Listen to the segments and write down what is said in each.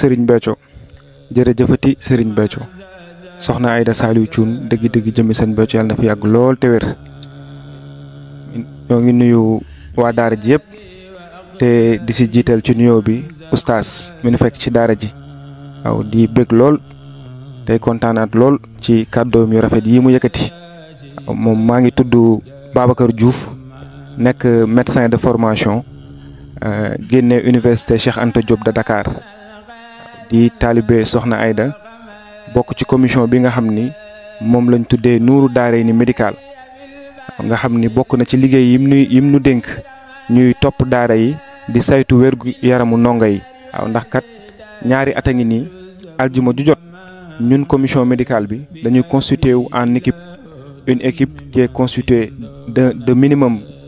serigne bacho jere jeufati serigne bacho soxna Aida Saliou Thioune deug deug jëmmi sen bacho yalla na fi yag lol te wer ñoo ngi nuyu wa dara ji yeb te di si jiital ci nuyo bi oustaz mi nu fekk ci dara ji aw di beug lol tey contanat lol ci cadeau mi rafet yi mu yekati mom ma ngi babakar Diouf nekk médecin de formation euh, génne université Cheikh Anta Diop de Dakar di taalibe Soxna Aida bokk ci commission bi nga xam ni moom lañ tuddee nuuru daaree ni médical nga xam ni bokk na ci liggéey yim nu yim dénk ñuy topp daara yi di saytu wérgu yaramu ndongo yi waaw ndax kat ñaari at a ngi nii aljuma ju jot ñun commission médical bi dañuy constitué wu en équipe une équipe qui est de minimum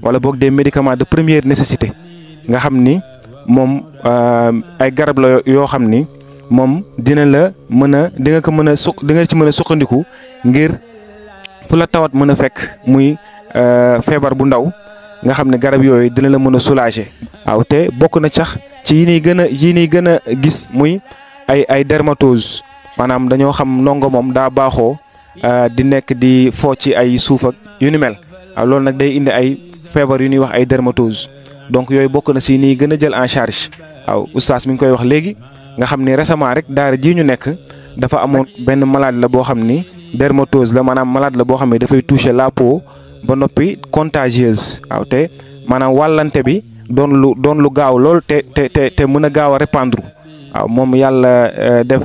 wala boog des médicaments de première nécessité nga xam ni moom euh, ay garab la yoo xam ni moom dina la mën a di ko mën a su di nga ci mën a suqandiku ngir fu la tawat mën a fekk muy euh, feebar bu ndaw nga xam ne garab yooyu dina la mën a soulager waaw te bokk na cax ci yi ñuy gën a yi ñuy gën a gis muy ay ay dermatose maanaam dañoo xam ndongo moom daa baaxoo euh, di nekk di foo ci ay suuf yu nu mel loolu nag day indi ay. feebar yu ñuy wax ay dermatose donc yooyu bokk na si nii gën a jël en charge waaw oustaz mi ngi koy wax léegi nga xam ni resement rek daara jii ñu nekk dafa amoon benn malade la boo xam ni dermatose la maanaam malaat la boo xam ne dafay toucher la peau ba noppi contagieuse waaw te maanaam wàllante bi doon lu doon lu gaaw lool te te te te mën a gaaw a répandre moom yàlla euh, def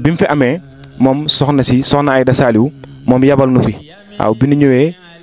bi mu fi amee moom soxna si soxna ay Saliou moom yabal nu fi waaw bi ñu ñëwee.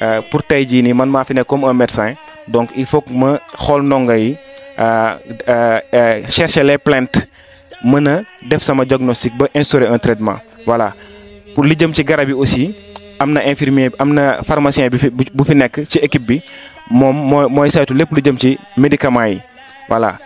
Euh, pour tey jii nii man maa fi comme un médecin donc il faut que me xool nonga yi euh, euh, chercher les plaintes mën def sama diagnostic ba instaurer un traitement voilà pour li jëm ci garab yi aussi amna infirmier amna pharmacien bi bu fi nek ci équipe bi mom moy mooy saytu lépp lu jëm ci médicament yi voilà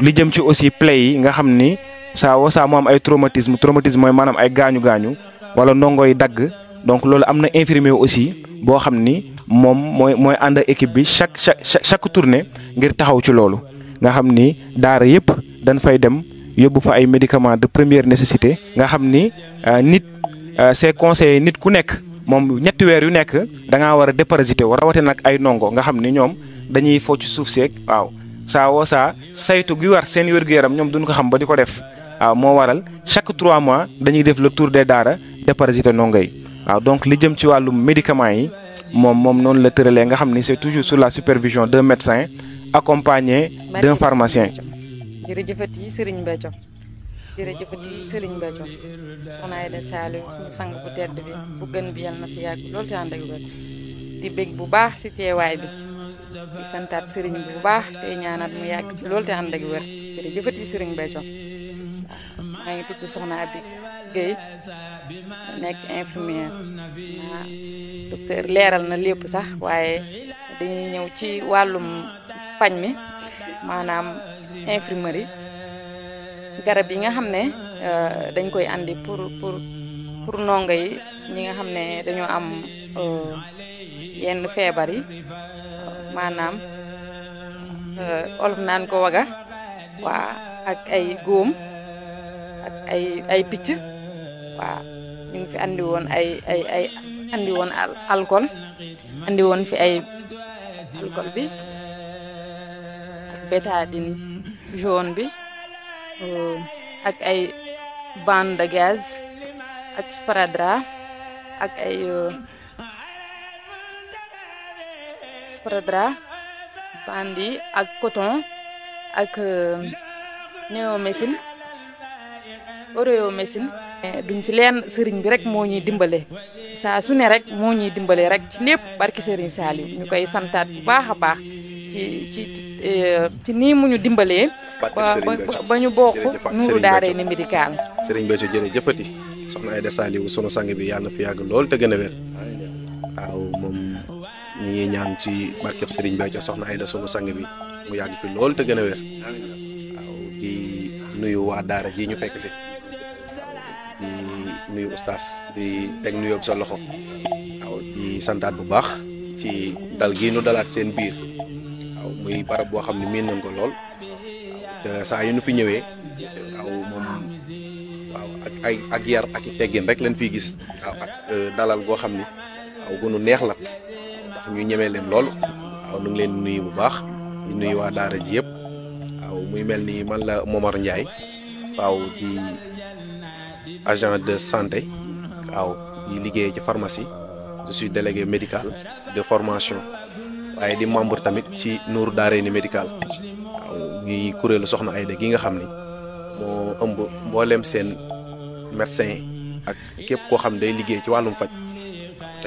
li jëm ci aussi play, yi nga xamni sa saa sa mu am ay traumatisme traumatisme moy manam ay gañu gañu wala nongoi dag donc loolu amna infirmier aussi. bo xamni ni moom moy and ak équipe bi chaque chaque tournée ngir taxaw ci lolu nga xamni ni daara yëpp dañ fay dem yobbu fa ay médicaments de première nécessité nga xamni euh, nit ces euh, conseillers nit ku nek moom ñett wër yu nek da nga wara a déparasité war rawate nag ay nongo nga xamni ñom dañuy fo ci souf sék waaw sa wo sa saytu gu war seen wër gu yaram ñom duñ ko xam ba di def waaw moo waral chaque 3 mois dañuy def le tour des daara déparasité nongay waaw donc li jëm ci wàllum médicaments yi mom mom non la tëralee nga xamni c'est toujours sous la supervision d'un médecin accompagné d'un pharmacien. jërëjëfati Serigne Béthio jërëjëfati Serigne Béthio soxna Aïda Saliou suñu sang bu tedd bi bu gën bi yalla na fi yàgg loolu te ànd ak wér di bég bu baax ci téway bi di santat Serigne bu baax té ñaanat mu yàgg loolu te ànd ak wér jërëjëfati Serigne Béthio maa ngi tudd Soxna Abi Guèye nekk infirmière ah docteur leeral na lépp sax waaye dañuy ñëw ci wàllum pañ mi maanaam infirmerie garab yi nga xam eh, dañ koy andi pour pour pour ndongo yi ñi nga xam ne am eh, yenn feebar yi maanaam eh, olof naan ko waga wa ak ay góom. ay ay picc waaw ñu ngi fi andi woon ay ay ay andi andi woon fi ay alcool bi ak bétadine jaune bi euh, ak ay bande de gaz ak sparadrap ak ay euh, sparadrap bande ak coton ak euh, néomésine Oreo mesin eh, duñ ci leen sëriñ bi rek moo dimbalé sa su né rek moo dimbalé rek ci lépp barki sëriñ salim ñukay santat bu baaxa baax ci ci ci eh, ni muñu dimbalé bañu ba ñu bokk nuru daaree ni médical sëriñ Béthio jëfëti soxna Aïda Saliou sunu sang bi yalla fi yag lool te gëna wër aw mom ñi ngi ñaan ci barki sëriñ Béthio soxna Aïda sunu sang bi mu yag fi lool te gëna wër wér di nuyu wa daara ji ñu fekk si nuyu oustaz di tek nuyu ak sa loxo waaw di santat bu bax ci dal gi nu dalat sen bir waaw muy barab bo xamni min nango lol te sa yu nu fi ñewé waaw mom waaw ak ay ak yar ak teggin rek lañ fi gis waaw ak euh, dalal go xamni ni gonu neex la tax ñu ñemee len lol waaw nu ngi leen nuyu bu bax di nuyu wa dara ji yëpp waaw muy melni man la Momar ndjay waaw di agent de santé il yi de pharmacie je suis délégué médical de formation di membre tamit ci Nour médical gi nga xamni médecin ak képp ko xam day liggéey ci walum fajj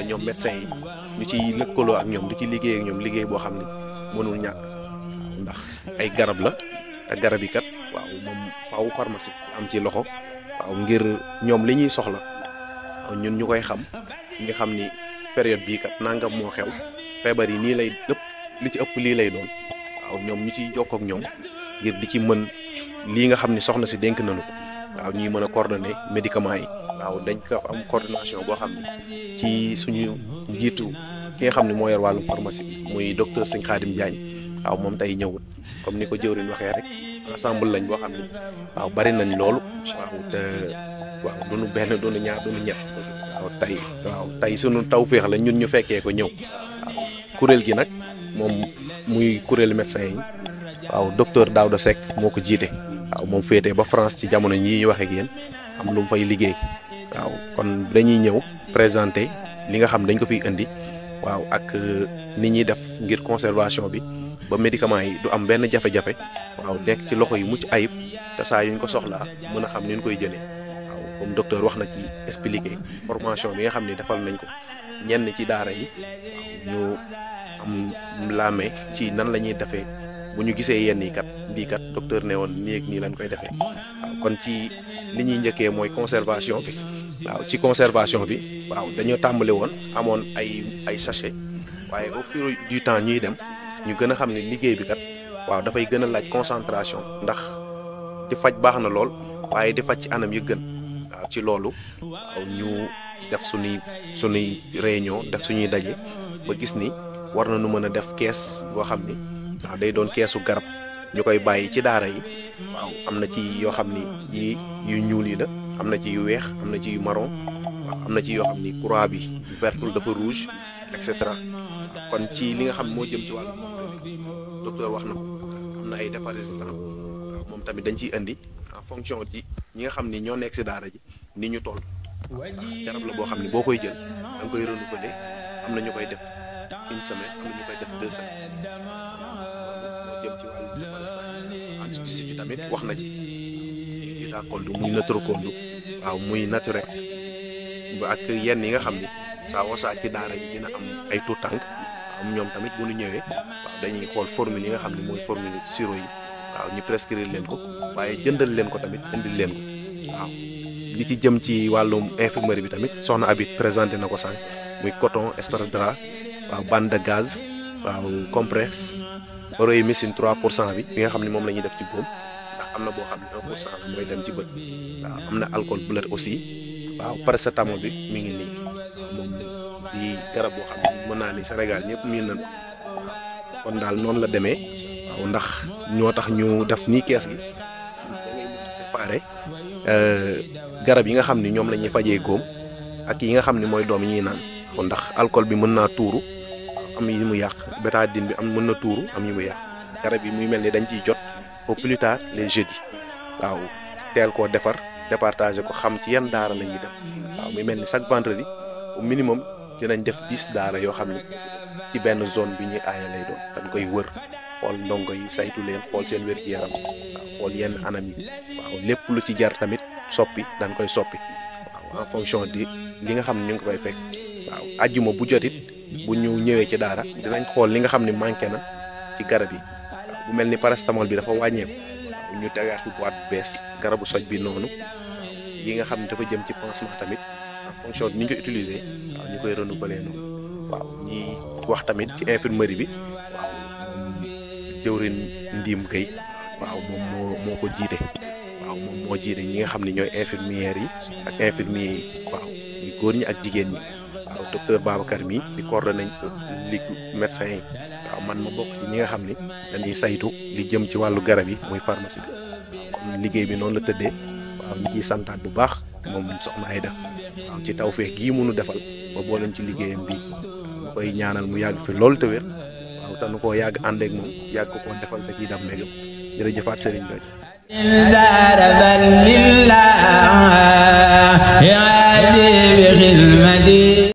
ñom médecin ñu ci lekkolo ak ñom di ci liggéey ak ñom liggéey bo xamni mënul ñak ndax ay garab la kat waaw pharmacie am waaw ngir ñoom li ñuy soxla ñun ñu koy xam ñu xam ni période bii kat nangam moo xew feebar yi nii lay lépp li ci ëpp lii lay doon waaw ñoom ñu ciy jokkoo ak ñoom ngir di ci mën lii nga xam ni soxna si dénk nañu ko waaw ñuy mën a coordonné médicament yi. waaw dañ ko am coordination boo xam ne ci suñu njiitu ki nga xam ne moo yor wàllu pharmacie bi muy docteur Sëñ Khadim Diagne. waaw moom tey ñëwut comme ni ko jëwriñ waxee rek ensemble lañ boo xam ne waaw bari nañ loolu waaw te benn duñu ñaar duñu ñett waaw tey waaw taw sunu tawféex ñun ñu fekkee ko ñëw kuréel gi nag moom muy kuréelu médecin yi waaw daaw Daouda Seck moo ko jiite waaw moom féetee ba France ci jamono ñi ñu wax ak yéen am lu mu fay liggéey waaw kon dañuy ñëw présenté li nga xam dañ ko fiy indi waaw ak euh, ni ñuy def ngir conservation bi ba médicament yi du am benn jafe-jafe waaw nekk ci loxo yu mucc ayib te yuñ ko soxlaa mën a xam ni ñu koy jëlee waaw comme docteur wax na ci expliqué formation bi nga xam ne defal nañ ko ñenn ci daara yi ñu am laame ci nan la ñuy defee bu ñu gisee yenn yi kat bii kat docteur ne woon nii ak nii lañ koy defee kon ci li ñuy njëkkee mooy conservation bi waaw ci conservation bi waaw dañoo tàmbali woon amoon ay ay sachet waaye au fur du temps ñuy dem. ñu gën a xam ne liggéey bi kat waaw dafay gën a laaj concentration ndax di faj baax na lool waaye di faj ci anam yu gën waaw ci loolu waaw ñu def suñuy suñuy réunion def suñuy daje ba gis ni war na mën def kees boo xam ni waaw day doon keesu garab ñu koy bàyyi ci daara yi waaw am na ci yoo xam ni yi yu ñuul yi la am na ci yu weex am na ci yu maron waaw am na ci yoo xam ni croix bi vertul dafa rouge et cetera kon ci li nga xam moo jëm ci wàllu docteur wax na ko am na ay déparasitant waaw moom tamit dañ ciy indi en fonction ci ñi nga xam ni ñoo nekk si daara ji ni ñu toll garab la boo xam ne boo koy jël da nga ko de am na ñu koy def une semaine am na ñu koy def deux semaines moo jëm ci wàllu tamit wax na ci muy Itacold muy Nutracold waaw muy Naturex ba ak yenn yi nga xam ni saa wasaa ci daara ji dina am ay tànk am ñoom tamit bu ñu ñëwee waaw dañuy xool formule yi nga xam ne mooy formule siro yi waaw ñu prescrire leen ko waaye jëndal leen ko tamit indil leen ko waaw li ci jëm ci wàllum infirmerie bi tamit soxna Habib présenté na ko sànq muy coton esparadrap waaw bande de gaz waaw compresse Oreillumycine 3 pour cent bi bi nga xam ne moom la ñuy def ci góom ndax am na boo xam ne 1 pour cent la mooy dem ci bët waaw am na alcool bleu aussi waaw paracétamol bi mi ngi di garab boo xam ne mën naa ni Sénégal ñëpp miin na waaw kon daal noonu la demee waaw ndax ñoo tax ñu def nii kees gi da euh, garab yi nga xam ni ñoom lañuy ñuy fajee góom ak yi nga xam ni mooy doom yi ñuy naan kon ndax alcool bi mën naa tuuru am yi mu yàq din bi am mën na tuuru am yi mu yàq garab yi muy mel ni dañ ciy jot au plus tard les jeudis waaw teel koo defar départager ko xam ci yan daara lañuy ñuy dem waaw muy mel ni chaque vendredi au minimum dinañ def dix daara yoo xam ne ci benn zone bi ñuy aaye lay doon dañ koy wër xool ndongo yi saytu leen xool seen wér-gu-yaram waaw xool yenn anam yi waaw lépp lu ci jar tamit soppi dañ koy soppi waaw en fonction di li nga xam ne ñu ngi koy fekk waaw bu jotit bu ñu ñëwee ci daara dinañ xool li nga xam ne manqué na ci garab yi waaw bu mel ni paracétamol bi dafa wàññeeku ñu tegaat fi boîte bu bees garabu soj bi noonu yi nga xam ne dafa jëm ci pansement tamit fonction ni ñu koy utiliser waaw ñu koy renouveler waaw ñi wax tamit ci infirmerie bi waaw jëwrin Ndiim Gueye waaw moom moo ko jiite waaw moom moo jiite ñi nga xam ni ñooy infirmières yi ak infirmiers yi waaw ñu góor ñi ak jigéen ñi waaw docteur Babacar mi di coordonné ligue médecin man ma bokk ñi nga xam ne dañuy saytu li jëm ci wàllu garab yi muy pharmacie liggéey bi noonu la tëddee waaw ñu ciy santaat bu baax moom soxna Aida waaw ci tawféex gii mu nu defal ba booleen ci liggéeyam bi mu koy ñaanal mu yàgg fi loolu te wér waaw te nu koo yàgg ànd ak moom yàgg koo defal te ciy dam mbégam jërëjëfaat a Béthio bi xidmati